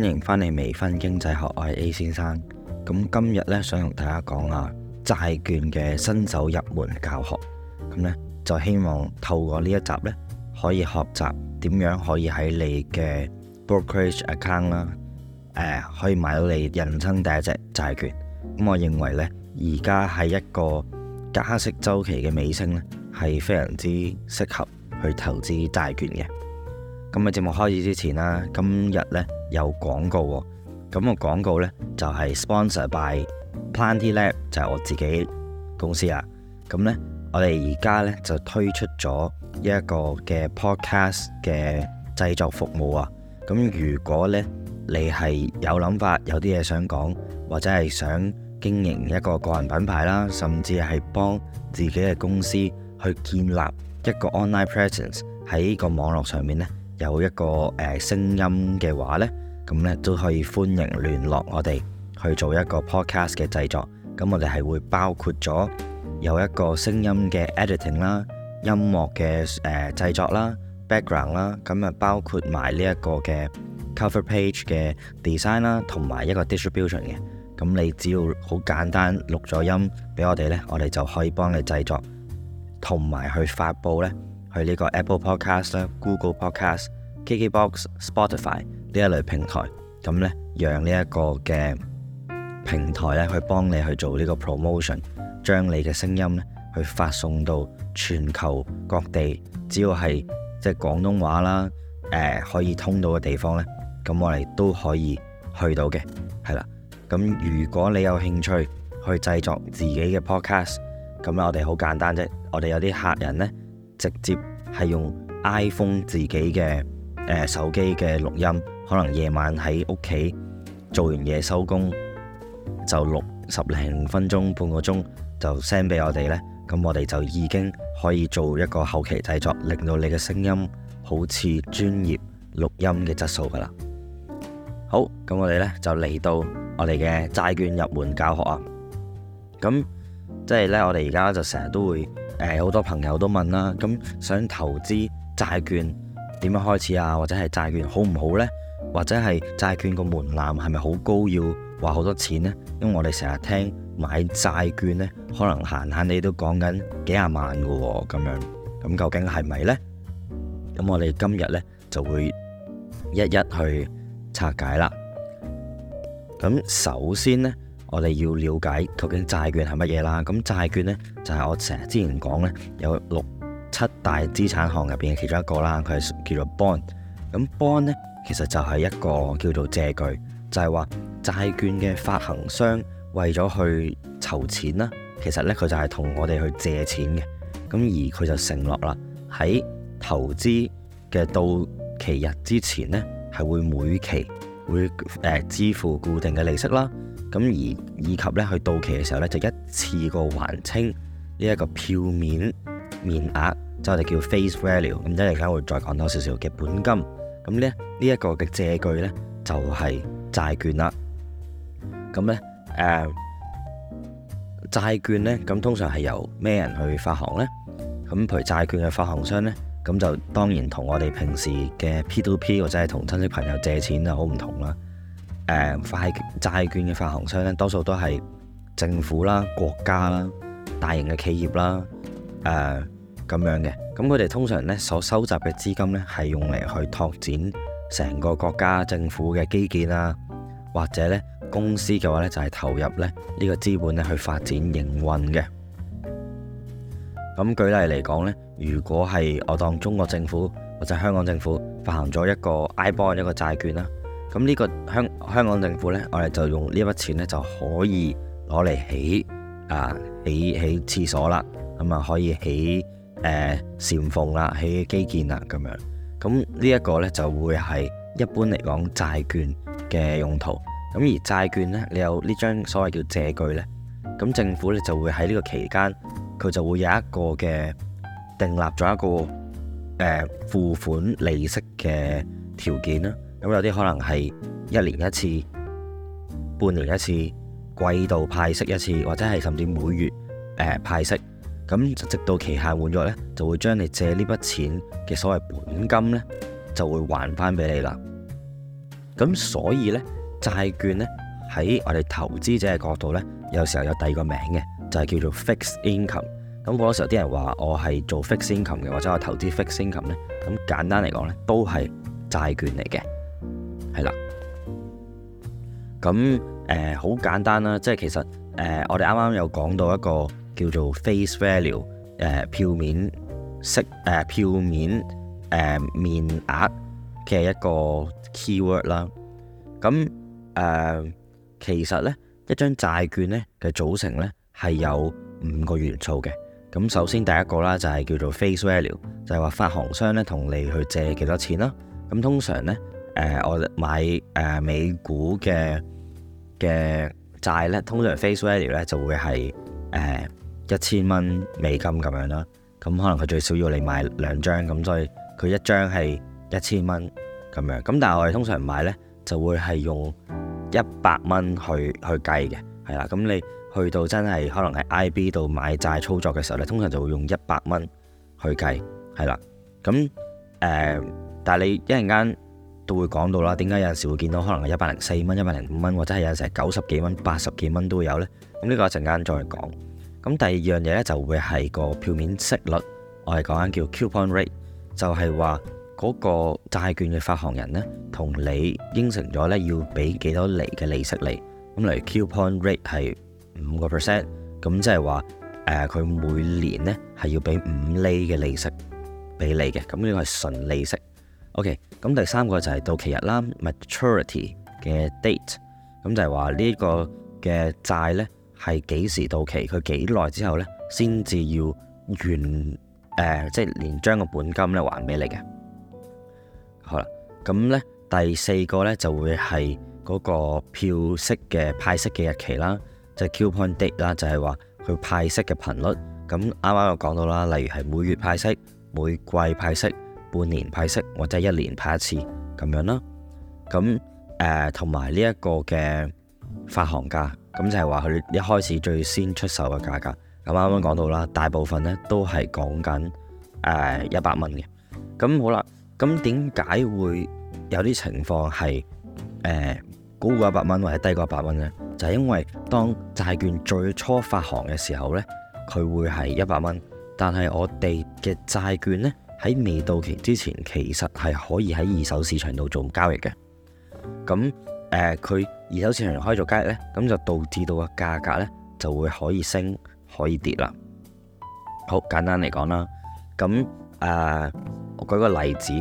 歡迎翻嚟，微醺經濟學，我係 A 先生。咁今日呢，想同大家講下債券嘅新手入門教學。咁呢，就希望透過呢一集呢，可以學習點樣可以喺你嘅 brokerage account 啦，啊，可以買到你人生第一隻債券。咁我認為呢，而家係一個加息週期嘅尾聲呢，係非常之適合去投資債券嘅。今日節目開始之前啦，今日呢有廣告喎。咁個廣告呢，就係 sponsored by Planty Lab，就係我自己公司啊。咁呢，我哋而家呢，就推出咗一個嘅 podcast 嘅製作服務啊。咁如果呢，你係有諗法，有啲嘢想講，或者係想經營一個個人品牌啦，甚至係幫自己嘅公司去建立一個 online presence 喺呢個網絡上面呢。有一個誒聲音嘅話呢，咁呢都可以歡迎聯絡我哋去做一個 podcast 嘅製作。咁我哋係會包括咗有一個聲音嘅 editing 啦、音樂嘅誒製作啦、background 啦，咁啊包括埋呢一個嘅 cover page 嘅 design 啦，同埋一個 distribution 嘅。咁你只要好簡單錄咗音畀我哋呢，我哋就可以幫你製作同埋去發布呢。去呢個 Apple Podcast 啦、Google Podcast、KKBox、Spotify 呢一類平台，咁呢，讓呢一個嘅平台咧，去幫你去做呢個 promotion，將你嘅聲音呢，去發送到全球各地，只要係即係廣東話啦，誒、呃、可以通到嘅地方呢，咁我哋都可以去到嘅，係啦。咁如果你有興趣去製作自己嘅 podcast，咁我哋好簡單啫，我哋有啲客人呢。直接係用 iPhone 自己嘅誒、呃、手機嘅錄音，可能夜晚喺屋企做完嘢收工就錄十零分鐘半個鐘就 send 俾我哋呢，咁我哋就已經可以做一個後期製作，令到你嘅聲音好似專業錄音嘅質素噶啦。好，咁我哋呢就嚟到我哋嘅債券入門教學啊。咁即係呢，就是、我哋而家就成日都會。誒，好多朋友都問啦，咁想投資債券點樣開始啊？或者係債券好唔好呢？或者係債券個門檻係咪好高？要話好多錢呢？因為我哋成日聽買債券呢，可能閒閒你都講緊幾廿萬噶喎，咁樣，咁究竟係咪呢？咁我哋今日呢，就會一一去拆解啦。咁首先呢。我哋要了解究竟債券係乜嘢啦？咁債券呢，就係我成日之前講呢，有六七大資產項入邊嘅其中一個啦。佢係叫做 bond。咁 bond 呢，其實就係一個叫做借據，就係話債券嘅發行商為咗去籌錢啦，其實呢，佢就係同我哋去借錢嘅。咁而佢就承諾啦，喺投資嘅到期日之前呢，係會每期會誒支付固定嘅利息啦。咁而以及咧，去到期嘅時候咧，就一次過還清呢一個票面面額，即係我哋叫 face value。咁一陣間我哋會再講多少少嘅本金。咁咧呢一個嘅借據咧，就係債券啦。咁咧誒債券咧，咁通常係由咩人去發行咧？咁譬如債券嘅發行商咧，咁就當然同我哋平時嘅 P to P 或者係同親戚朋友借錢就好唔同啦。誒債券嘅發行商咧，多數都係政府啦、國家啦、大型嘅企業啦，誒、呃、咁樣嘅。咁佢哋通常咧所收集嘅資金咧，係用嚟去拓展成個國家政府嘅基建啊，或者咧公司嘅話咧就係、是、投入咧呢、這個資本咧去發展營運嘅。咁舉例嚟講咧，如果係我當中國政府或者香港政府發行咗一個 I Bond 一個債券啦。咁呢個香香港政府呢，我哋就用呢筆錢呢，就可以攞嚟起啊，起起廁所啦，咁啊可以起誒蟬鋒啦，起、呃、基建啊咁樣。咁呢一個呢，就會係一般嚟講債券嘅用途。咁而債券呢，你有呢張所謂叫借據呢，咁政府呢就會喺呢個期間，佢就會有一個嘅訂立咗一個、呃、付款利息嘅條件啦。咁有啲可能係一年一次、半年一次、季度派息一次，或者係甚至每月誒、呃、派息，咁直到期限滿咗呢就會將你借呢筆錢嘅所謂本金呢，就會還翻俾你啦。咁所以呢，債券呢，喺我哋投資者嘅角度呢，有時候有第二個名嘅，就係、是、叫做 fixed income。咁好多時候啲人話我係做 fixed income 嘅，或者我投資 fixed income 呢，咁簡單嚟講呢，都係債券嚟嘅。係啦，咁誒好簡單啦，即係其實誒、呃、我哋啱啱有講到一個叫做 face value 誒、呃、票面息誒、呃、票面誒、呃、面額嘅一個 keyword 啦。咁、呃、誒其實咧一張債券咧嘅組成咧係有五個元素嘅。咁首先第一個啦就係叫做 face value，就係話發行商咧同你去借幾多錢啦。咁通常咧。誒、呃，我買、呃、美股嘅嘅債咧，通常 face value 咧就會係誒一千蚊美金咁樣啦。咁可能佢最少要你買兩張咁，所以佢一張係一千蚊咁樣。咁但係我哋通常買咧就會係用一百蚊去去計嘅，係啦。咁你去到真係可能喺 IB 度買債操作嘅時候咧，通常就會用一百蚊去計，係啦。咁誒、呃，但係你一陣間。都會講到啦，點解有陣時會見到可能係一百零四蚊、一百零五蚊，或者係有陣時九十幾蚊、八十幾蚊都有呢？咁呢個一陣間再講。咁第二樣嘢呢，就會係個票面息率，我係講緊叫 coupon rate，就係話嗰個債券嘅發行人呢，同你應承咗呢要俾幾多厘嘅利息你。咁例如 coupon rate 係五個 percent，咁即係話誒佢每年呢係要俾五厘嘅利息俾你嘅，咁呢個係純利息。OK，咁第三個就係到期日啦，maturity 嘅 date，咁就係話呢個嘅債呢係幾時到期，佢幾耐之後呢先至要完誒，即、呃、係、就是、連將個本金呢還俾你嘅。好啦，咁呢第四個呢就會係嗰個票息嘅派息嘅日期啦，就係、是、coupon date 啦，就係話佢派息嘅頻率。咁啱啱又講到啦，例如係每月派息、每季派息。半年派息，或者一年派一次咁樣啦。咁誒，同埋呢一個嘅發行價，咁就係話佢一開始最先出售嘅價格。咁啱啱講到啦，大部分呢都係講緊誒一百蚊嘅。咁、呃、好啦，咁點解會有啲情況係誒、呃、高過一百蚊或者低過一百蚊呢？就係、是、因為當債券最初發行嘅時候呢，佢會係一百蚊，但係我哋嘅債券呢。喺未到期之前，其實係可以喺二手市場度做交易嘅。咁誒，佢、呃、二手市場可以做交易呢，咁就導致到個價格呢就會可以升，可以跌啦。好簡單嚟講啦，咁誒、呃，我舉個例子，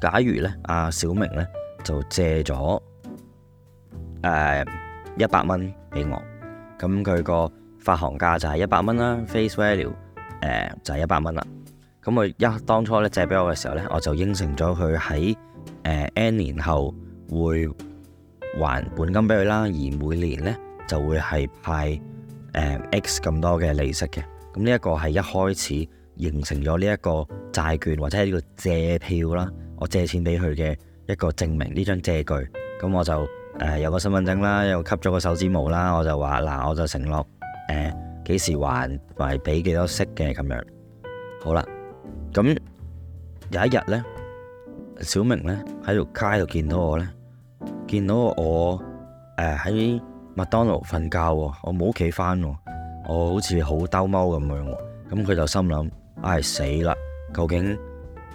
假如呢阿小明呢就借咗誒一百蚊俾我，咁佢個發行價就係一百蚊啦，face value 誒、呃、就係一百蚊啦。咁佢一當初咧借俾我嘅時候咧，我就應承咗佢喺 n 年後會還本金俾佢啦，而每年咧就會係派 x 咁多嘅利息嘅。咁呢一個係一開始形成咗呢一個債券或者係呢個借票啦，我借錢俾佢嘅一個證明。呢張借據，咁我就誒有個身份證啦，又吸咗個手指模啦，我就話嗱，我就承諾誒幾時還，咪俾幾多息嘅咁樣。好啦。有一日咧，小明咧喺條街度見到我咧，見到我誒喺麥當勞瞓覺，我冇屋企翻，我好似好兜踎咁樣。咁佢就心諗：唉、哎，死啦，究竟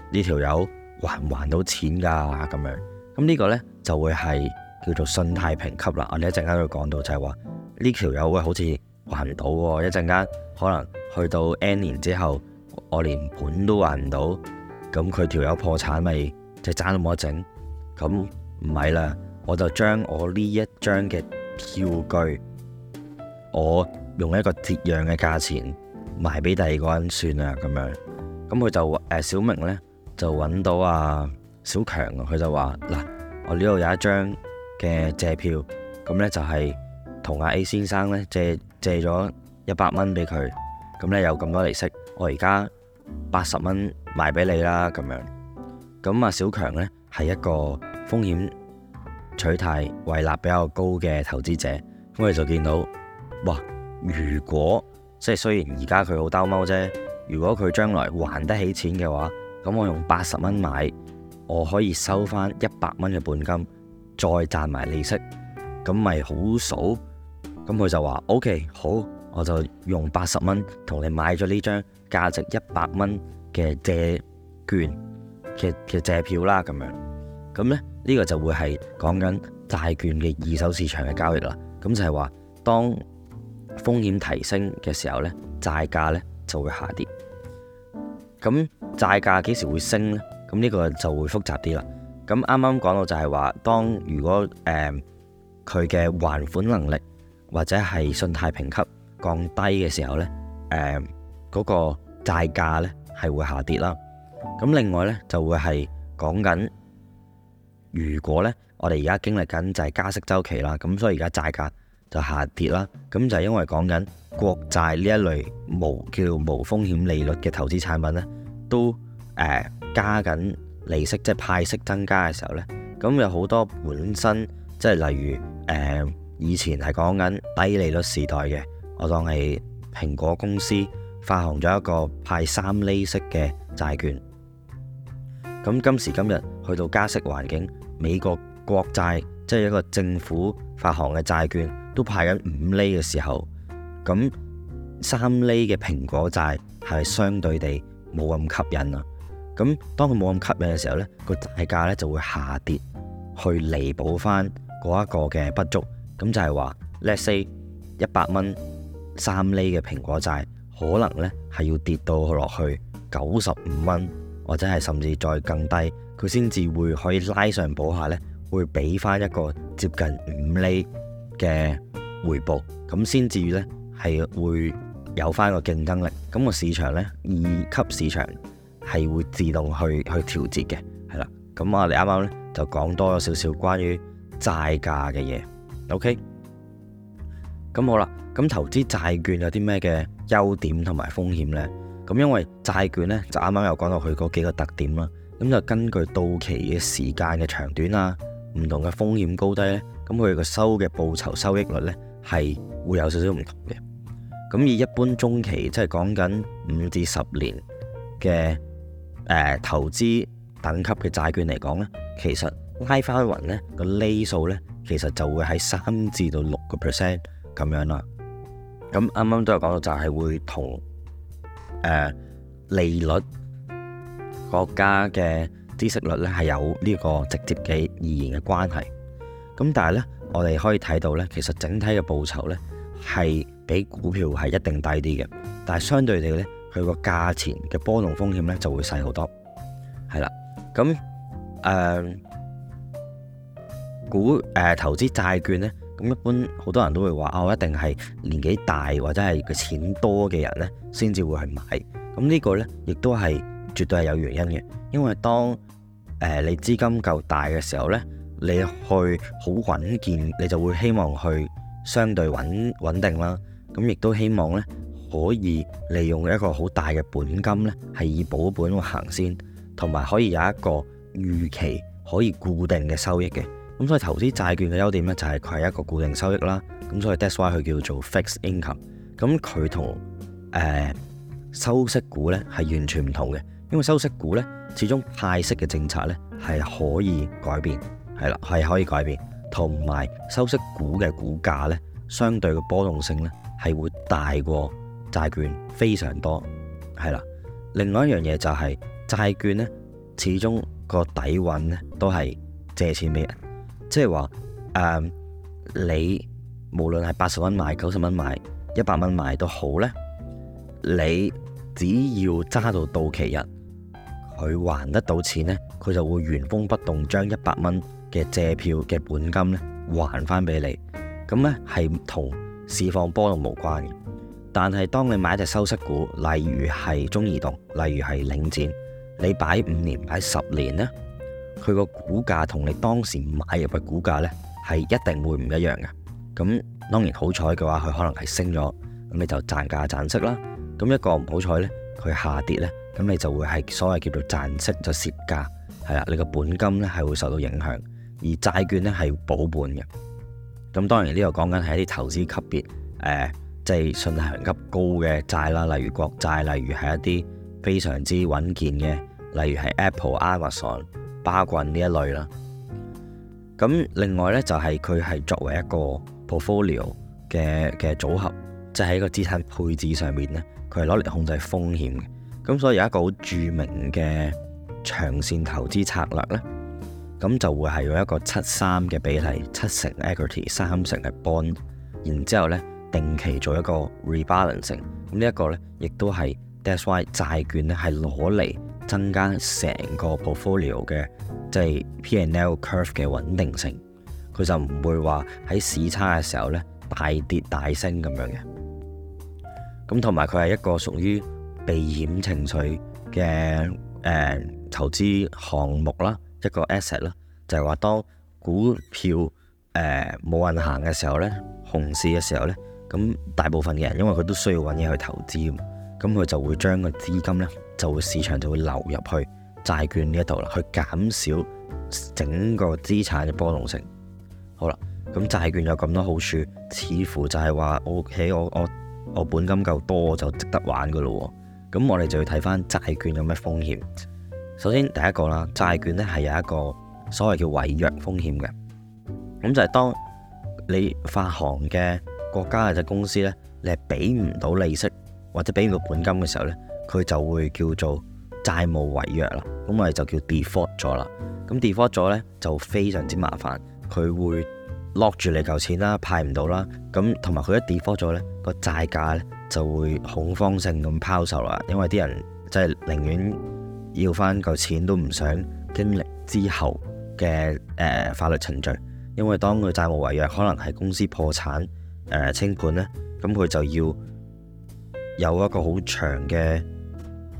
呢條友還唔還到錢噶咁樣？咁呢個咧就會係叫做信貸評級啦。我哋一陣間都會講到，這個、到，就係話呢條友喂好似還唔到，一陣間可能去到 N 年之後，我連本都還唔到。咁佢條友破產，咪就爭咁多，整咁唔係啦，我就將我呢一張嘅票據，我用一個折讓嘅價錢賣俾第二個人算啦。咁樣，咁佢就誒，小明呢就揾到啊小強，佢就話嗱，我呢度有一張嘅借票，咁呢就係同阿 A 先生呢借借咗一百蚊俾佢，咁呢，有咁多利息，我而家八十蚊。賣俾你啦，咁樣咁啊，小強呢，係一個風險取態胃納比較高嘅投資者。咁佢就見到哇，如果即係雖然而家佢好兜踎啫，如果佢將來還得起錢嘅話，咁我用八十蚊買，我可以收翻一百蚊嘅本金，再賺埋利息，咁咪好數？咁佢就話：OK，好，我就用八十蚊同你買咗呢張價值一百蚊。嘅借券嘅嘅借票啦，咁樣。咁咧呢、呢個就會係講緊債券嘅二手市場嘅交易啦。咁就係話當風險提升嘅時候呢，債價呢就會下跌。咁債價幾時會升呢？咁呢個就會複雜啲啦。咁啱啱講到就係話，當如果誒佢嘅還款能力或者係信貸評級降低嘅時候呢，誒、呃、嗰、嗰個債價呢。係會下跌啦，咁另外呢，就會係講緊，如果呢，我哋而家經歷緊就係加息周期啦，咁所以而家債價就下跌啦，咁就係、是、因為講緊國債呢一類無叫無風險利率嘅投資產品呢，都誒加緊利息即係派息增加嘅時候呢，咁有好多本身即係例如誒以前係講緊低利率時代嘅，我當係蘋果公司。發行咗一個派三厘息嘅債券。咁今時今日去到加息環境，美國國債即係一個政府發行嘅債券，都派緊五厘嘅時候，咁三厘嘅蘋果債係相對地冇咁吸引啊。咁當佢冇咁吸引嘅時候，呢個債價咧就會下跌，去彌補翻嗰一個嘅不足。咁就係話，let's say 一百蚊三厘嘅蘋果債。可能咧係要跌到落去九十五蚊，或者係甚至再更低，佢先至會可以拉上補下咧，會俾翻一個接近五厘嘅回報，咁先至咧係會有翻個競爭力。咁個市場咧二級市場係會自動去去調節嘅，係啦。咁我哋啱啱咧就講多咗少少關於債價嘅嘢。OK，咁好啦，咁投資債券有啲咩嘅？優點同埋風險呢，咁因為債券呢，就啱啱又講到佢嗰幾個特點啦，咁就根據到期嘅時間嘅長短啊，唔同嘅風險高低呢，咁佢個收嘅報酬收益率呢，係會有少少唔同嘅，咁以一般中期即係講緊五至十年嘅誒、呃、投資等級嘅債券嚟講呢，其實拉翻匀呢個厘數呢，其實就會喺三至到六個 percent 咁樣啦。咁啱啱都有講到，就係、是、會同誒利率、國家嘅孳息率咧，係有呢個直接嘅、必然嘅關係。咁但係咧，我哋可以睇到咧，其實整體嘅報酬咧係比股票係一定低啲嘅，但係相對地咧，佢個價錢嘅波動風險咧就會細好多。係啦，咁誒、呃、股誒、呃、投資債券咧。咁一般好多人都會話，啊、哦，一定係年紀大或者係佢錢多嘅人呢，先至會去買。咁、這、呢個呢，亦都係絕對係有原因嘅。因為當誒你、呃、資金夠大嘅時候呢，你去好穩健，你就會希望去相對穩穩定啦。咁亦都希望呢，可以利用一個好大嘅本金呢，係以保本行先，同埋可以有一個預期可以固定嘅收益嘅。咁所以投資債券嘅優點咧，就係佢係一個固定收益啦。咁所以 that's why 佢叫做 fixed income。咁佢同誒收息股咧係完全唔同嘅，因為收息股咧始終派息嘅政策咧係可以改變，係啦係可以改變。同埋收息股嘅股價咧，相對嘅波動性咧係會大過債券非常多，係啦。另外一樣嘢就係債券咧，始終個底蘊咧都係借錢俾人。即係話，誒、嗯、你無論係八十蚊買、九十蚊買、一百蚊買都好咧，你只要揸到到期日，佢還得到錢咧，佢就會原封不動將一百蚊嘅借票嘅本金咧還翻俾你。咁咧係同市況波動無關嘅。但係當你買一隻收息股，例如係中移動，例如係領展，你擺五年，擺年、擺十年咧，佢個股價同你當時買入嘅股價呢係一定會唔一樣嘅。咁當然好彩嘅話，佢可能係升咗，咁你就賺價賺息啦。咁一個唔好彩呢，佢下跌呢，咁你就會係所謂叫做賺息就蝕價，係啦，你個本金呢係會受到影響。而債券呢係要保本嘅。咁當然呢個講緊係一啲投資級別，誒，即係信用級高嘅債啦，例如國債，例如係一啲非常之穩健嘅，例如係 Apple、Amazon 巴棍呢一類啦，咁另外呢，就係佢係作為一個 portfolio 嘅嘅組合，即係喺個資產配置上面呢，佢係攞嚟控制風險嘅。咁所以有一個好著名嘅長線投資策略呢，咁就會係用一個七三嘅比例，七成 equity，三成係 bond，然之後呢定期做一個 rebalancing。咁呢一個呢，亦都係 that's why 債券呢係攞嚟增加成個 portfolio 嘅即係、就是、P&L curve 嘅穩定性，佢就唔會話喺市差嘅時候咧大跌大升咁樣嘅。咁同埋佢係一個屬於避險情緒嘅誒、呃、投資項目啦，一個 asset 啦，就係話當股票誒冇、呃、運行嘅時候咧，熊市嘅時候咧，咁大部分嘅人因為佢都需要揾嘢去投資啊，咁佢就會將個資金咧。就會市場就會流入去債券呢一度啦，去減少整個資產嘅波動性。好啦，咁債券有咁多好處，似乎就係話，O K，我我我本金夠多，就值得玩噶啦。咁我哋就要睇翻債券有咩風險。首先第一個啦，債券咧係有一個所謂叫違約風險嘅。咁就係當你發行嘅國家或者公司咧，你係俾唔到利息或者俾唔到本金嘅時候咧。佢就會叫做債務違約啦，咁咪就叫 default 咗啦。咁 default 咗呢就非常之麻煩，佢會 lock 住你嚿錢啦，派唔到啦。咁同埋佢一 default 咗呢，個債價咧就會恐慌性咁拋售啦，因為啲人就係寧願要翻嚿錢都唔想經歷之後嘅誒、呃、法律程序，因為當佢債務違約，可能係公司破產、呃、清盤呢，咁佢就要有一個好長嘅。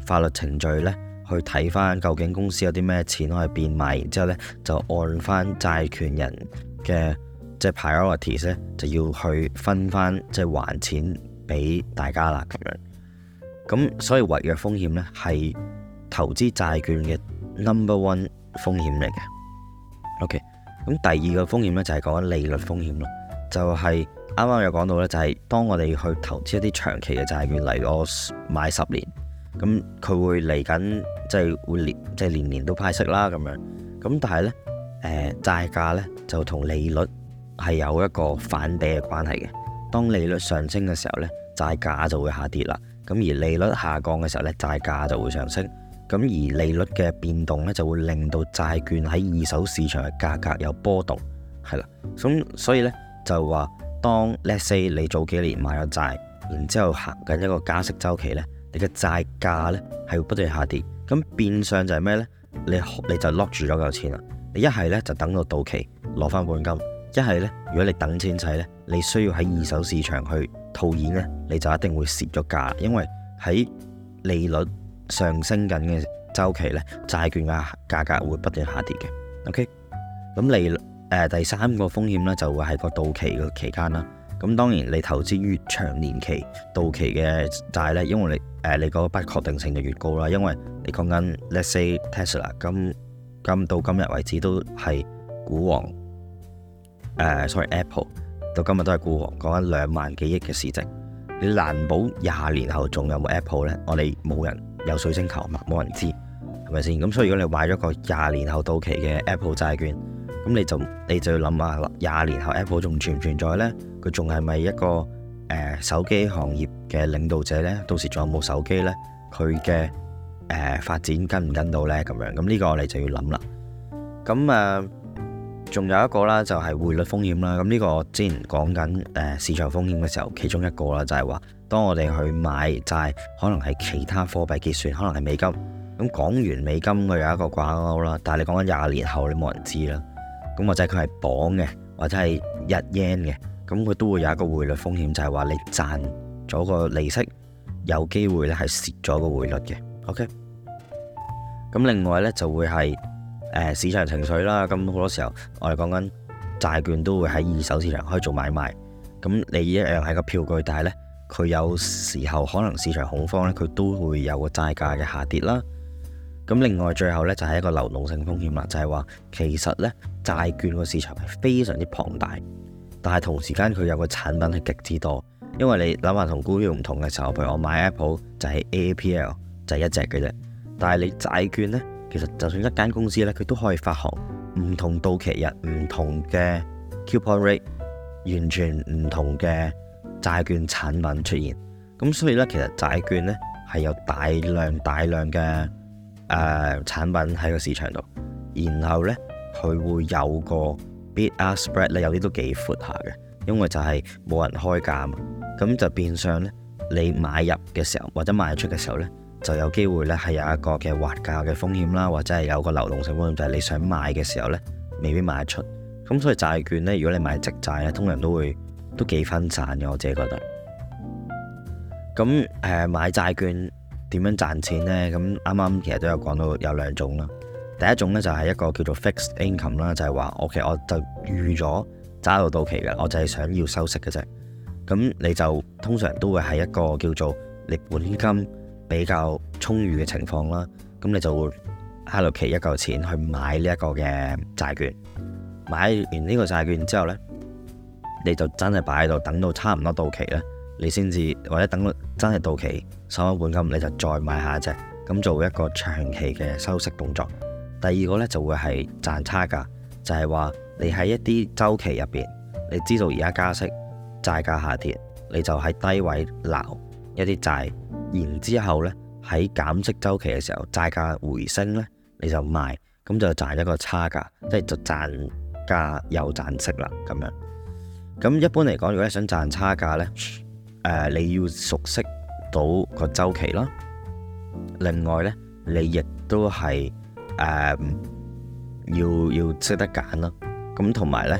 法律程序咧，去睇翻究竟公司有啲咩錢可以變賣，然之後咧就按翻債權人嘅即係 priorities 咧，就要去分翻即係還錢俾大家啦咁樣咁所以違約風險咧係投資債券嘅 number one 風險嚟嘅。OK，咁第二個風險咧就係講緊利率風險咯就係啱啱有講到咧，就係、是就是、當我哋去投資一啲長期嘅債券嚟，例如我買十年。咁佢會嚟緊，即係會連，即連即係年年都派息啦咁樣。咁但係咧，誒，債價咧就同利率係有一個反比嘅關係嘅。當利率上升嘅時候咧，債價就會下跌啦。咁而利率下降嘅時候咧，債價就會上升。咁而利率嘅變動咧，就會令到債券喺二手市場嘅價格有波動，係啦。咁所以咧就話當 let’s say 你早幾年買咗債，然之後行緊一個加息週期咧。你嘅債價咧係會不斷下跌，咁變相就係咩咧？你你就 lock 住咗嚿錢啦。你一係咧就等到到期攞翻本金，一係咧如果你等錢使咧，你需要喺二手市場去套現咧，你就一定會蝕咗價啦。因為喺利率上升緊嘅周期咧，債券嘅價格會不斷下跌嘅。OK，咁利誒第三個風險咧就會喺個到期嘅期間啦。咁當然，你投資越長年期到期嘅債呢，因為你誒、呃、你個不確定性就越高啦。因為你講緊，let's say Tesla，今今到今日為止都係股王。誒、呃、sorry Apple，到今日都係股王，講緊兩萬幾億嘅市值，你難保廿年後仲有冇 Apple 呢？我哋冇人有水晶球嘛，冇人知係咪先？咁所以如果你買咗個廿年後到期嘅 Apple 債券，咁你就你就要諗下啦，廿年後 Apple 仲存唔存在呢？佢仲係咪一個誒、呃、手機行業嘅領導者呢？到時仲有冇手機呢？佢嘅誒發展跟唔跟到呢？咁樣咁呢個你就要諗啦。咁誒，仲、呃、有一個啦，就係匯率風險啦。咁呢個之前講緊誒市場風險嘅時候，其中一個啦，就係話當我哋去買債，就可能係其他貨幣結算，可能係美金。咁講完美金，佢有一個掛鈎啦。但係你講緊廿年後，你冇人知啦。咁或者佢係鎊嘅，或者係日元嘅，咁佢都會有一個匯率風險，就係、是、話你賺咗個利息，有機會咧係蝕咗個匯率嘅。OK，咁另外呢就會係、呃、市場情緒啦。咁好多時候我哋講緊債券都會喺二手市場可以做買賣。咁你一樣係個票據，但係呢，佢有時候可能市場恐慌咧，佢都會有個債價嘅下跌啦。咁另外，最後咧就係一個流動性風險啦，就係話其實咧債券個市場係非常之龐大，但係同時間佢有個產品係極之多，因為你諗下同 Google 唔同嘅時候，譬如我買 Apple 就係 A P L 就係一隻嘅啫，但係你債券咧其實就算一間公司咧，佢都可以發行唔同到期日、唔同嘅 coupon rate，完全唔同嘅債券產品出現。咁所以咧，其實債券咧係有大量大量嘅。誒、呃，產品喺個市場度，然後呢，佢會有個 bid ask spread 咧，有啲都幾闊下嘅，因為就係冇人開價嘛，咁就變相呢，你買入嘅時候或者賣出嘅時候呢，就有機會呢係有一個嘅滑價嘅風險啦，或者係有個流動性風險，就係、是、你想賣嘅時候呢，未必賣得出。咁所以債券呢，如果你買直債呢，通常都會都幾分散嘅，我自己覺得。咁誒、呃、買債券，點樣賺錢呢？咁啱啱其實都有講到有兩種啦。第一種呢，就係一個叫做 fixed income 啦，就係話我其實我就預咗揸到到期嘅，我就係想要收息嘅啫。咁你就通常都會喺一個叫做你本金比較充裕嘅情況啦。咁你就會喺度期一嚿錢去買呢一個嘅債券。買完呢個債券之後呢，你就真係擺喺度等到差唔多到期咧。你先至或者等真係到期收翻本金，你就再買下一隻，咁做一個長期嘅收息動作。第二個呢就會係賺差價，就係話你喺一啲周期入邊，你知道而家加息，債價下跌，你就喺低位撈一啲債，然之後呢，喺減息周期嘅時候，債價回升呢，你就賣，咁就賺一個差價，即係就賺價又賺息啦，咁樣。咁一般嚟講，如果你想賺差價呢。誒、呃，你要熟悉到個週期啦。另外呢，你亦都係誒、呃、要要識得揀啦。咁同埋呢，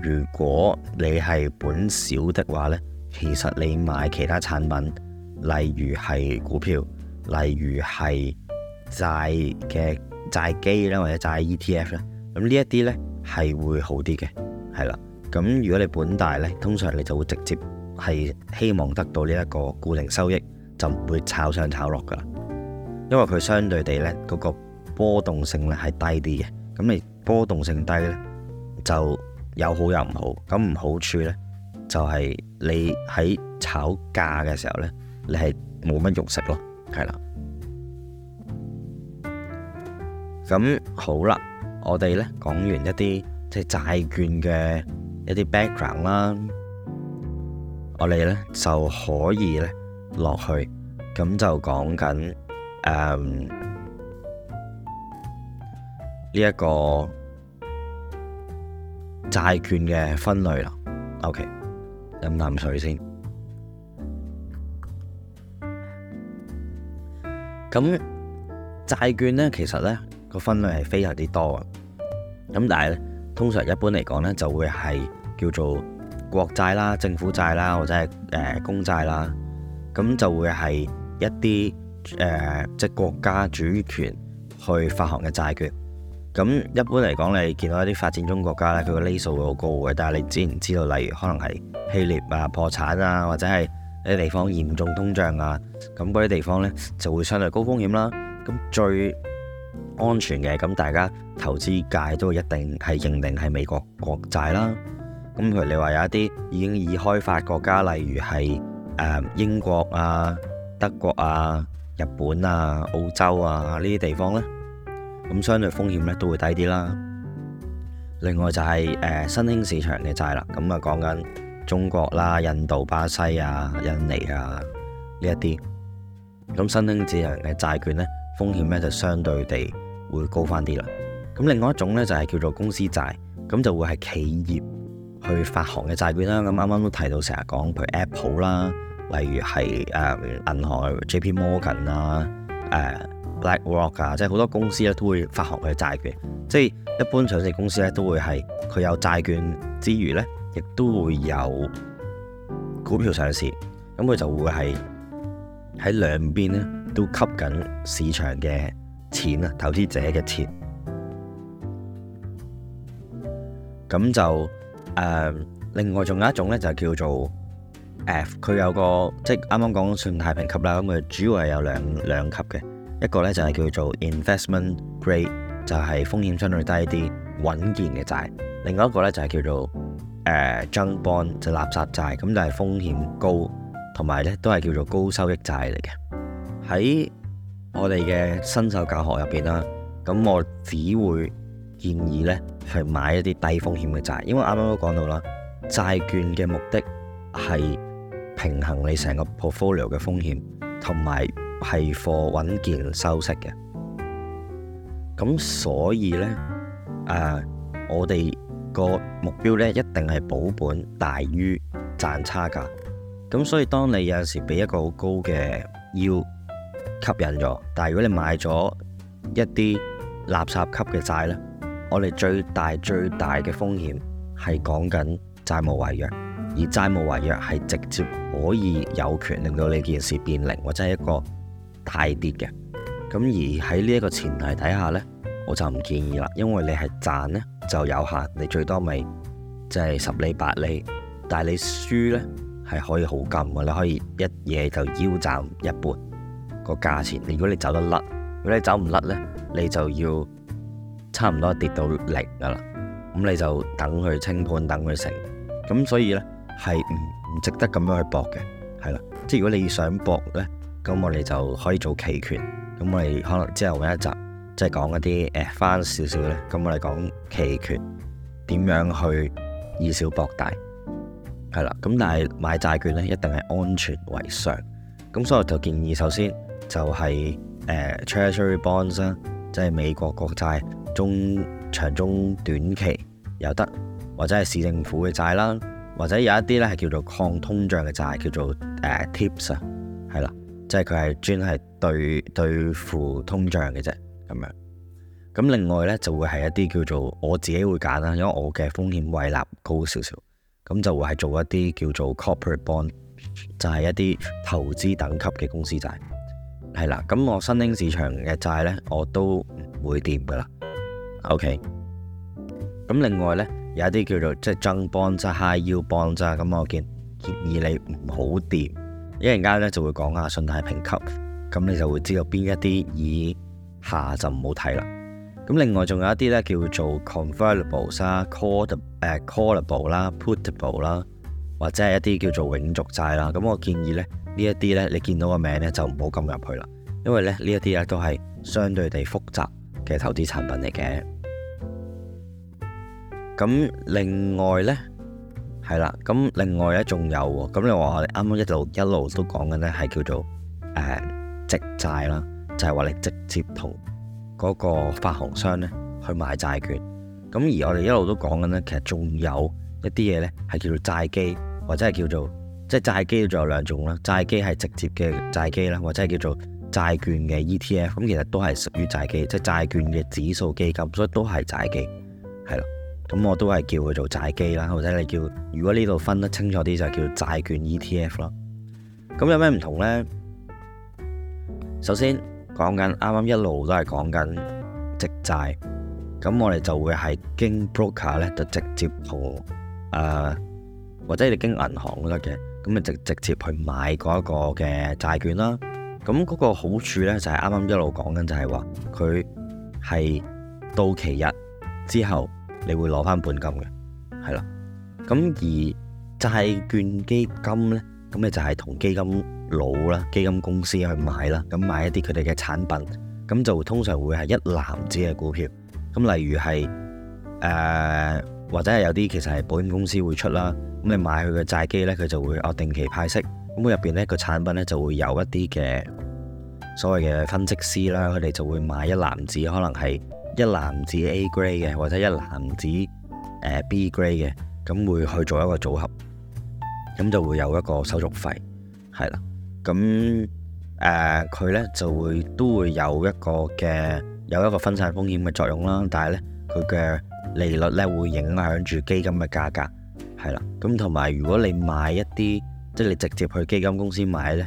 如果你係本小的話呢，其實你買其他產品，例如係股票，例如係債嘅債基咧，或者債 ETF 咧，咁呢一啲呢係會好啲嘅，係啦。咁如果你本大呢，通常你就會直接。係希望得到呢一個固定收益，就唔會炒上炒落噶啦。因為佢相對地呢，嗰個波動性呢係低啲嘅。咁你波動性低呢，就有好有唔好。咁唔好處呢，就係你喺炒價嘅時候呢，你係冇乜肉食咯。係啦。咁好啦，我哋呢講完一啲即係債券嘅一啲 background 啦。我哋咧就可以咧落去，咁就講緊誒呢一個債券嘅分類啦。OK，飲啖水先。咁債券咧，其實咧個分類係非常之多呀。咁但係咧，通常一般嚟講咧，就會係叫做。國債啦、政府債啦，或者係誒公債啦，咁就會係一啲誒、呃、即係國家主權去發行嘅債券。咁一般嚟講，你見到一啲發展中國家咧，佢個利數會好高嘅。但係你知唔知道，例如可能係希臘啊、破產啊，或者係一啲地方嚴重通脹啊，咁嗰啲地方呢就會相對高風險啦。咁最安全嘅，咁大家投資界都一定係認定係美國國債啦。咁譬如你話有一啲已經已開發國家，例如係誒英國啊、德國啊、日本啊、澳洲啊呢啲地方咧，咁相對風險咧都會低啲啦。另外就係誒新興市場嘅債啦，咁啊講緊中國啦、印度、巴西啊、印尼啊呢一啲，咁新興市場嘅債券咧風險咧就相對地會高翻啲啦。咁另外一種咧就係叫做公司債，咁就會係企業。去發行嘅債券啦，咁啱啱都提到成日講，譬如 Apple 啦，例如係誒銀行 J.P.Morgan 啊，誒 BlackRock 啊，即係好多公司咧都會發行佢嘅債券。即係一般上市公司咧都會係佢有債券之餘咧，亦都會有股票上市，咁佢就會係喺兩邊咧都吸緊市場嘅錢啊，投資者嘅錢，咁就。誒，另外仲有一種咧就係叫做 F。佢有個即係啱啱講咗信貸評級啦，咁佢主要係有兩兩級嘅，一個咧就係、是、叫做 investment grade，就係風險相對低啲穩健嘅債；，另外一個咧就係、是、叫做誒、uh, junk bond 就是垃圾債，咁就係風險高，同埋咧都係叫做高收益債嚟嘅。喺我哋嘅新手教學入邊啦，咁我只會。建議咧去買一啲低風險嘅債，因為啱啱都講到啦，債券嘅目的係平衡你成個 portfolio 嘅風險，同埋係貨穩健收息嘅，咁所以咧，誒、呃、我哋個目標咧一定係保本大於賺差價，咁所以當你有陣時俾一個好高嘅 yield 吸引咗，但係如果你買咗一啲垃圾級嘅債咧，我哋最大最大嘅風險係講緊債務違約，而債務違約係直接可以有權令到你件事變零，或者係一個太跌嘅。咁而喺呢一個前提底下呢，我就唔建議啦，因為你係賺呢就有限，你最多咪即係十厘八厘，但係你輸呢係可以好撳噶你可以一嘢就腰斬一半個價錢。如果你走得甩，如果你走唔甩呢，你就要。差唔多跌到零噶啦，咁你就等佢清盤，等佢成，咁所以呢，係唔值得咁樣去搏嘅，係啦。即係如果你想搏呢，咁我哋就可以做期權，咁我哋可能之後搵一集即係講一啲誒翻少少呢。咁我哋講期權點樣去以小博大，係啦。咁但係買債券呢，一定係安全為上，咁所以我就建議首先就係、是、誒、呃、Treasury bonds 啦，即係美國國債。中長中短期有得，或者係市政府嘅債啦，或者有一啲咧係叫做抗通脹嘅債，叫做誒、uh, tips 啊，係啦，即係佢係專係對對付通脹嘅啫，咁樣。咁另外咧就會係一啲叫做我自己會揀啦，因為我嘅風險胃納高少少，咁就會係做一啲叫做 corporate bond，就係一啲投資等級嘅公司債，係啦。咁我新興市場嘅債咧我都唔會掂噶啦。O.K. 咁另外呢，有一啲叫做即係增磅債、High Yield 債，咁我建建議你唔好掂。一陣間呢就會講下信貸評級，咁你就會知道邊一啲以下就唔好睇啦。咁另外仲有一啲呢，叫做 Convertible 啦、Call 誒 Callable 啦、Putable 啦 Putable，或者係一啲叫做永續債啦。咁我建議呢，呢一啲呢，你見到個名呢就唔好撳入去啦，因為咧呢一啲呢都係相對地複雜嘅投資產品嚟嘅。咁另外呢，係啦，咁另外呢，仲有喎，咁你話我哋啱啱一路一路都講緊呢，係叫做誒、呃，直債啦，就係、是、話你直接同嗰個發行商呢去買債券。咁而我哋一路都講緊呢，其實仲有一啲嘢呢，係叫做債基，或者係叫做即係債基仲有兩種啦，債基係直接嘅債基啦，或者係叫做債券嘅 ETF，咁其實都係屬於債基，即係債券嘅指數基金，所以都係債基，係啦。咁我都係叫佢做債基啦，或者你叫，如果呢度分得清楚啲就叫債券 ETF 啦。咁有咩唔同呢？首先講緊啱啱一路都係講緊直債，咁我哋就會係經 broker 咧就直接同誒、呃、或者你經銀行都得嘅，咁啊直直接去買嗰一個嘅債券啦。咁嗰個好處呢，就係啱啱一路講緊就係話佢係到期日之後。你會攞翻本金嘅，係啦。咁而債券基金呢，咁你就係同基金佬啦、基金公司去買啦。咁買一啲佢哋嘅產品，咁就通常會係一籃子嘅股票。咁例如係誒、呃，或者係有啲其實係保險公司會出啦。咁你買佢嘅債基呢，佢就會啊、哦，定期派息。咁佢入邊呢個產品呢，就會有一啲嘅所謂嘅分析師啦，佢哋就會買一籃子，可能係。一籃子 A grade 嘅，或者一籃子誒 B grade 嘅，咁會去做一個組合，咁就會有一個手續費，係啦，咁誒佢呢就會都會有一個嘅有一個分散風險嘅作用啦，但係呢佢嘅利率呢會影響住基金嘅價格，係啦，咁同埋如果你買一啲即係你直接去基金公司買呢，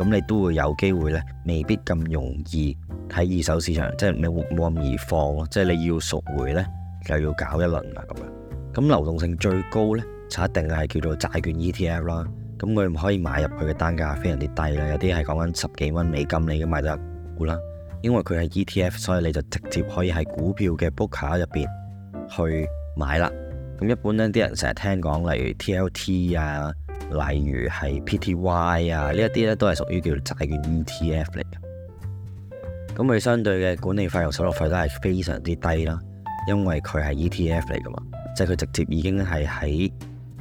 咁你都會有機會呢，未必咁容易喺二手市場，即係你冇咁易放咯，即係你要贖回呢，就要搞一輪啊咁樣。咁流動性最高呢，就一定係叫做債券 ETF 啦。咁佢可以買入去嘅單價非常之低啦，有啲係講緊十幾蚊美金你已經買隻股啦。因為佢係 ETF，所以你就直接可以喺股票嘅 book 卡入邊去買啦。咁一般呢啲人成日聽講例如 TLT 啊。例如係 PTY 啊，呢一啲咧，都係屬於叫債券 ETF 嚟嘅。咁佢相對嘅管理費同手續費都係非常之低啦，因為佢係 ETF 嚟噶嘛，即係佢直接已經係喺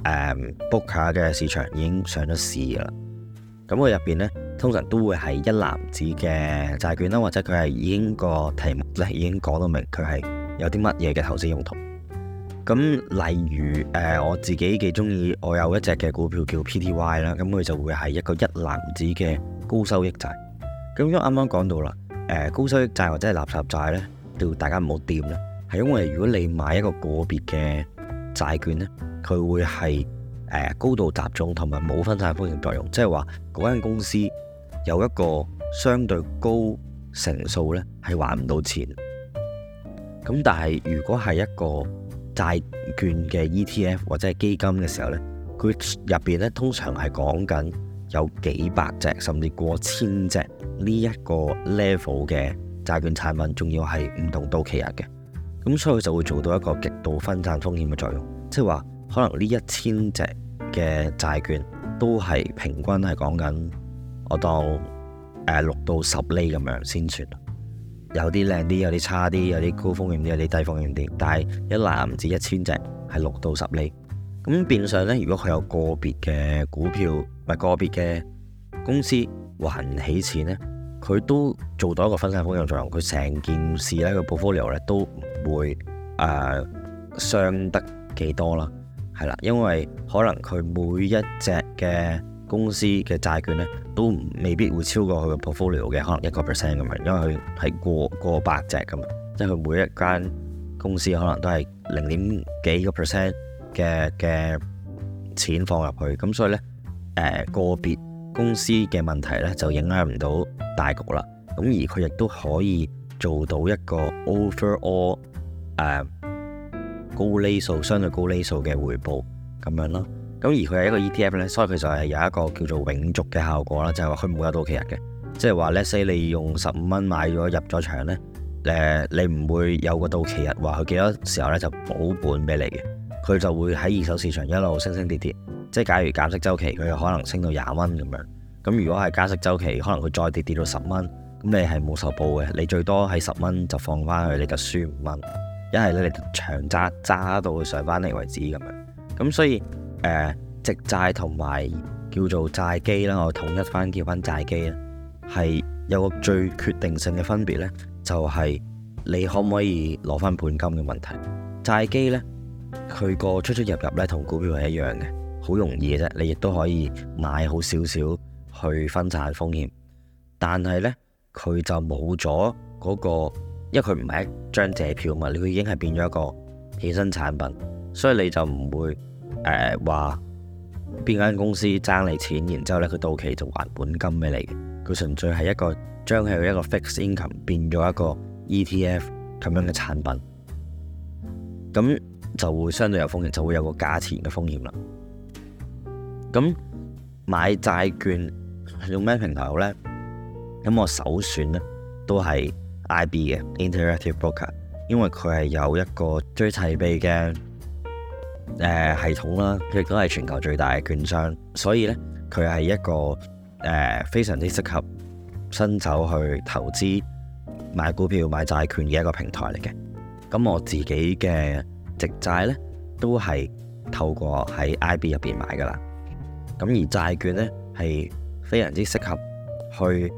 誒 book 下嘅市場已經上咗市噶啦。咁佢入邊咧通常都會係一籃子嘅債券啦，或者佢係已經個題目咧已經講到明，佢係有啲乜嘢嘅投資用途。咁例如，誒我自己幾中意，我有一隻嘅股票叫 PTY 啦，咁佢就會係一個一籃子嘅高收益債。咁因為啱啱講到啦，誒高收益債或者係垃圾債呢，要大家唔好掂呢，係因為如果你買一個個別嘅債券呢，佢會係誒高度集中同埋冇分散風險作用，即係話嗰間公司有一個相對高成數呢，係還唔到錢。咁但係如果係一個債券嘅 ETF 或者係基金嘅時候，呢，佢入邊呢，通常係講緊有幾百隻甚至過千隻呢一個 level 嘅債券產品，仲要係唔同到期日嘅，咁所以就會做到一個極度分散風險嘅作用。即係話可能呢一千隻嘅債券都係平均係講緊，我當誒六到十厘咁樣先算。有啲靚啲，有啲差啲，有啲高風險啲，有啲低風險啲。但係一籃子一千隻，係六到十厘。咁變相呢，如果佢有個別嘅股票，唔係個別嘅公司還起錢呢，佢都做到一個分散風險作用。佢成件事呢，個 portfolio 咧都唔會誒、呃、傷得幾多啦。係啦，因為可能佢每一隻嘅。公司嘅債券咧都未必會超過佢嘅 portfolio 嘅，可能一個 percent 咁樣，因為佢係過過百隻咁，即係佢每一間公司可能都係零點幾個 percent 嘅嘅錢放入去，咁所以咧誒個別公司嘅問題咧就影響唔到大局啦。咁而佢亦都可以做到一個 overall 誒高厘數，相對高厘數嘅回報咁樣咯。咁而佢係一個 E T F 呢，所以佢就係有一個叫做永續嘅效果啦，就係話佢唔會有到期日嘅，即係話呢，e 你用十五蚊買咗入咗場呢，誒你唔會有個到期日話佢幾多時候呢就補本俾你嘅，佢就會喺二手市場一路升升跌跌。即係假如減息週期，佢可能升到廿蚊咁樣。咁如果係加息週期，可能佢再跌跌到十蚊，咁你係冇受報嘅，你最多係十蚊就放翻去你就輸五蚊。一係你長揸揸到佢上翻嚟為止咁樣，咁所以。誒，直、呃、債同埋叫做債基啦，我統一翻叫翻債基咧，係有個最決定性嘅分別咧，就係、是、你可唔可以攞翻本金嘅問題？債基咧，佢個出出入入咧同股票係一樣嘅，好容易嘅啫。你亦都可以買好少少去分散風險，但係咧佢就冇咗嗰個，因為佢唔係一張借票嘛，你佢已經係變咗一個衍生產品，所以你就唔會。誒，話邊間公司爭你錢，然之後咧佢到期就還本金俾你嘅。佢純粹係一個將佢一個 fixed income 變咗一個 ETF 咁樣嘅產品，咁就會相對有風險，就會有個價錢嘅風險啦。咁買債券用咩平台好呢？咁我首選咧都係 IB 嘅 Interactive Broker，因為佢係有一個最齊備嘅。誒系統啦，佢亦都係全球最大嘅券商，所以呢，佢係一個誒非常之適合新手去投資買股票、買債券嘅一個平台嚟嘅。咁我自己嘅直債呢，都係透過喺 IB 入邊買噶啦。咁而債券呢，係非常之適合去誒、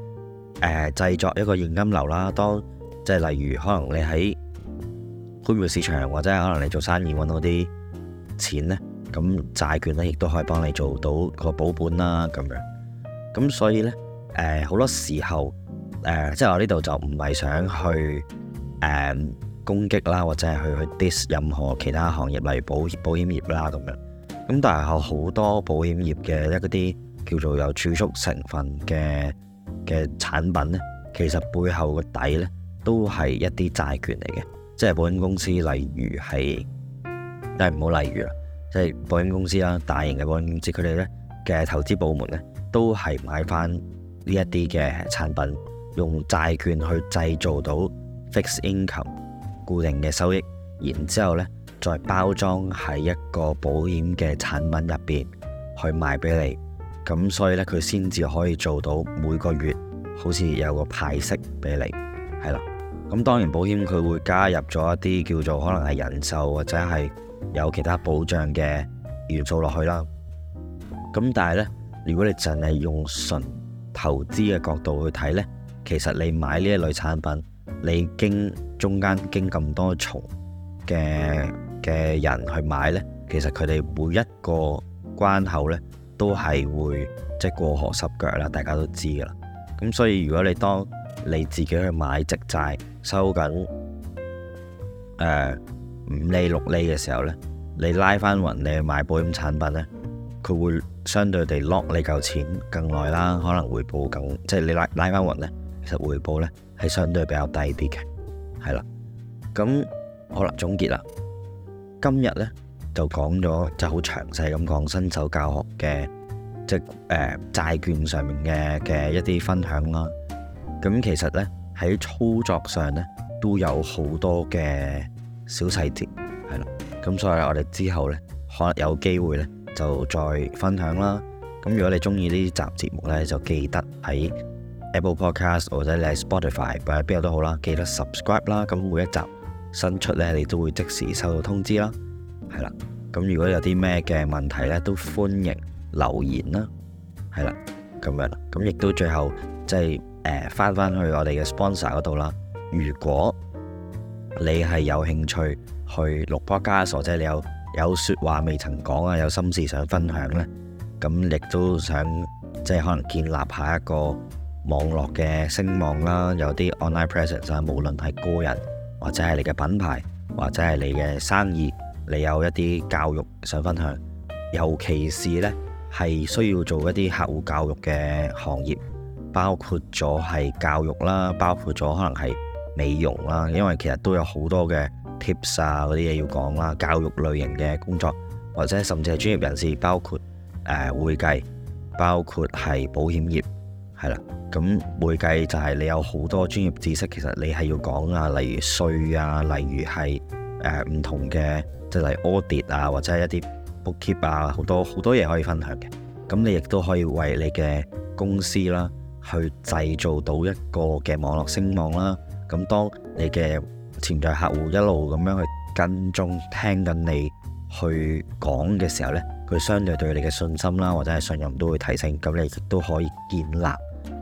呃、製作一個現金流啦。當即係例如可能你喺股票市場或者可能你做生意揾到啲錢咧，咁債券咧亦都可以幫你做到個保本啦，咁樣。咁所以咧，誒好多時候，誒即係我呢度就唔係想去誒、呃、攻擊啦，或者係去去 diss 任何其他行業，例如保保險業啦，咁樣。咁但係有好多保險業嘅一啲叫做有儲蓄成分嘅嘅產品咧，其實背後個底咧都係一啲債券嚟嘅，即係保險公司例如係。就係唔好，例如啦，即係保險公司啦，大型嘅保險公司，佢哋呢嘅投資部門呢，都係買翻呢一啲嘅產品，用債券去製造到 fixed income 固定嘅收益，然之後呢再包裝喺一個保險嘅產品入邊去賣俾你，咁所以呢，佢先至可以做到每個月好似有個派息俾你，係啦。咁當然保險佢會加入咗一啲叫做可能係人壽或者係。有其他保障嘅元素落去啦。咁但係呢，如果你淨係用純投資嘅角度去睇呢，其實你買呢一類產品，你經中間經咁多重嘅嘅人去買呢，其實佢哋每一個關口呢都係會即係過河濕腳啦，大家都知噶啦。咁所以如果你當你自己去買直債，收緊五厘六厘嘅時候呢，你拉翻雲，你去買保險產品呢，佢會相對地 lock 你嚿錢更耐啦。可能回報更即係你拉拉翻雲呢，其實回報呢係相對比較低啲嘅，係啦。咁好啦，總結啦，今日呢，就講咗就好詳細咁講新手教學嘅即係誒債券上面嘅嘅一啲分享啦。咁其實呢，喺操作上呢，都有好多嘅。小細節係啦，咁所以我哋之後呢，可能有機會呢，就再分享啦。咁如果你中意呢集節目呢，就記得喺 Apple Podcast 或者你喺 Spotify 或者邊度都好啦，記得 subscribe 啦。咁每一集新出呢，你都會即時收到通知啦。係啦，咁如果有啲咩嘅問題呢，都歡迎留言啦。係啦，咁樣啦，咁亦都最後即係誒返返去我哋嘅 sponsor 嗰度啦。如果你係有興趣去錄波加鎖啫？你有有説話未曾講啊，有心事想分享呢？咁亦都想即係可能建立一下一個網絡嘅聲望啦，有啲 online presence，無論係個人或者係你嘅品牌或者係你嘅生意，你有一啲教育想分享，尤其是呢，係需要做一啲客戶教育嘅行業，包括咗係教育啦，包括咗可能係，美容啦，因為其實都有好多嘅 tips 啊，嗰啲嘢要講啦。教育類型嘅工作或者甚至係專業人士，包括誒、呃、會計，包括係保險業，係啦。咁會計就係你有好多專業知識，其實你係要講啊，例如稅啊，例如係誒唔同嘅，即係 audit 啊，或者係一啲 bookkeep 啊，好多好多嘢可以分享嘅。咁你亦都可以為你嘅公司啦，去製造到一個嘅網絡聲望啦。咁，當你嘅潛在客戶一路咁樣去跟蹤，聽緊你去講嘅時候呢，佢相對對你嘅信心啦，或者係信任都會提升。咁你亦都可以建立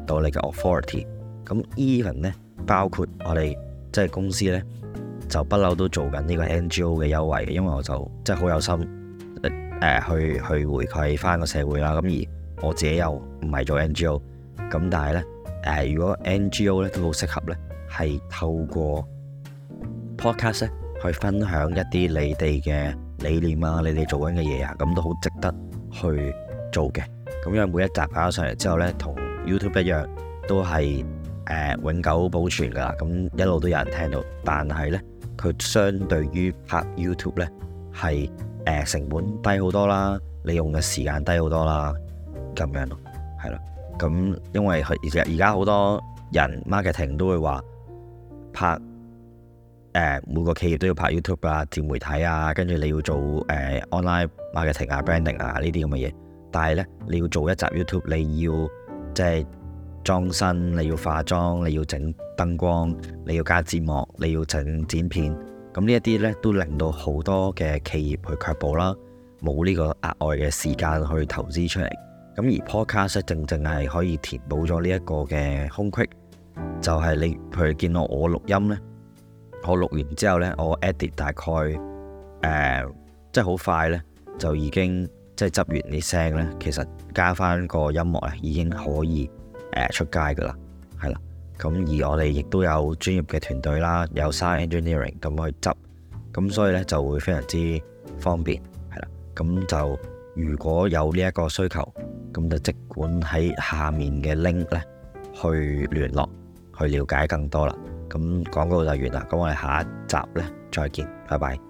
到你嘅 authority。咁 even 呢，包括我哋即係公司呢，就不嬲都做緊呢個 NGO 嘅優惠嘅，因為我就即係好有心誒、呃、去去回饋返個社會啦。咁而我自己又唔係做 NGO，咁但係呢，誒、呃，如果 NGO 咧都好適合呢。係透過 podcast 去分享一啲你哋嘅理念啊，你哋做緊嘅嘢啊，咁都好值得去做嘅。咁因為每一集搞咗上嚟之後呢，同 YouTube 一樣，都係、呃、永久保存噶啦，咁一路都有人聽到。但係呢，佢相對於拍 YouTube 呢，係、呃、成本低好多啦，你用嘅時間低好多啦，咁樣咯，係啦。咁因為而而家好多人 marketing 都會話。拍誒、呃、每個企業都要拍 YouTube 啊、自媒體啊，跟住你要做誒、呃、online marketing 啊、branding 啊呢啲咁嘅嘢，但係呢，你要做一集 YouTube，你要即係裝身，你要化妝，你要整燈光，你要加字幕，你要整剪片，咁呢一啲呢都令到好多嘅企業去卻步啦，冇呢個額外嘅時間去投資出嚟，咁而 podcast 呢，正正係可以填補咗呢一個嘅空隙。就係你，譬如見到我錄音呢，我錄完之後呢，我 edit 大概，誒，即係好快呢，就已經即係執完啲聲呢。其實加翻個音樂呢，已經可以、呃、出街噶啦，係啦，咁而我哋亦都有專業嘅團隊啦，有 sound engineering 咁去執，咁所以呢就會非常之方便，係啦，咁就如果有呢一個需求，咁就即管喺下面嘅 link 呢去聯絡去了解更多喇，咁廣告就完喇，咁我哋下一集呢，再見，拜拜。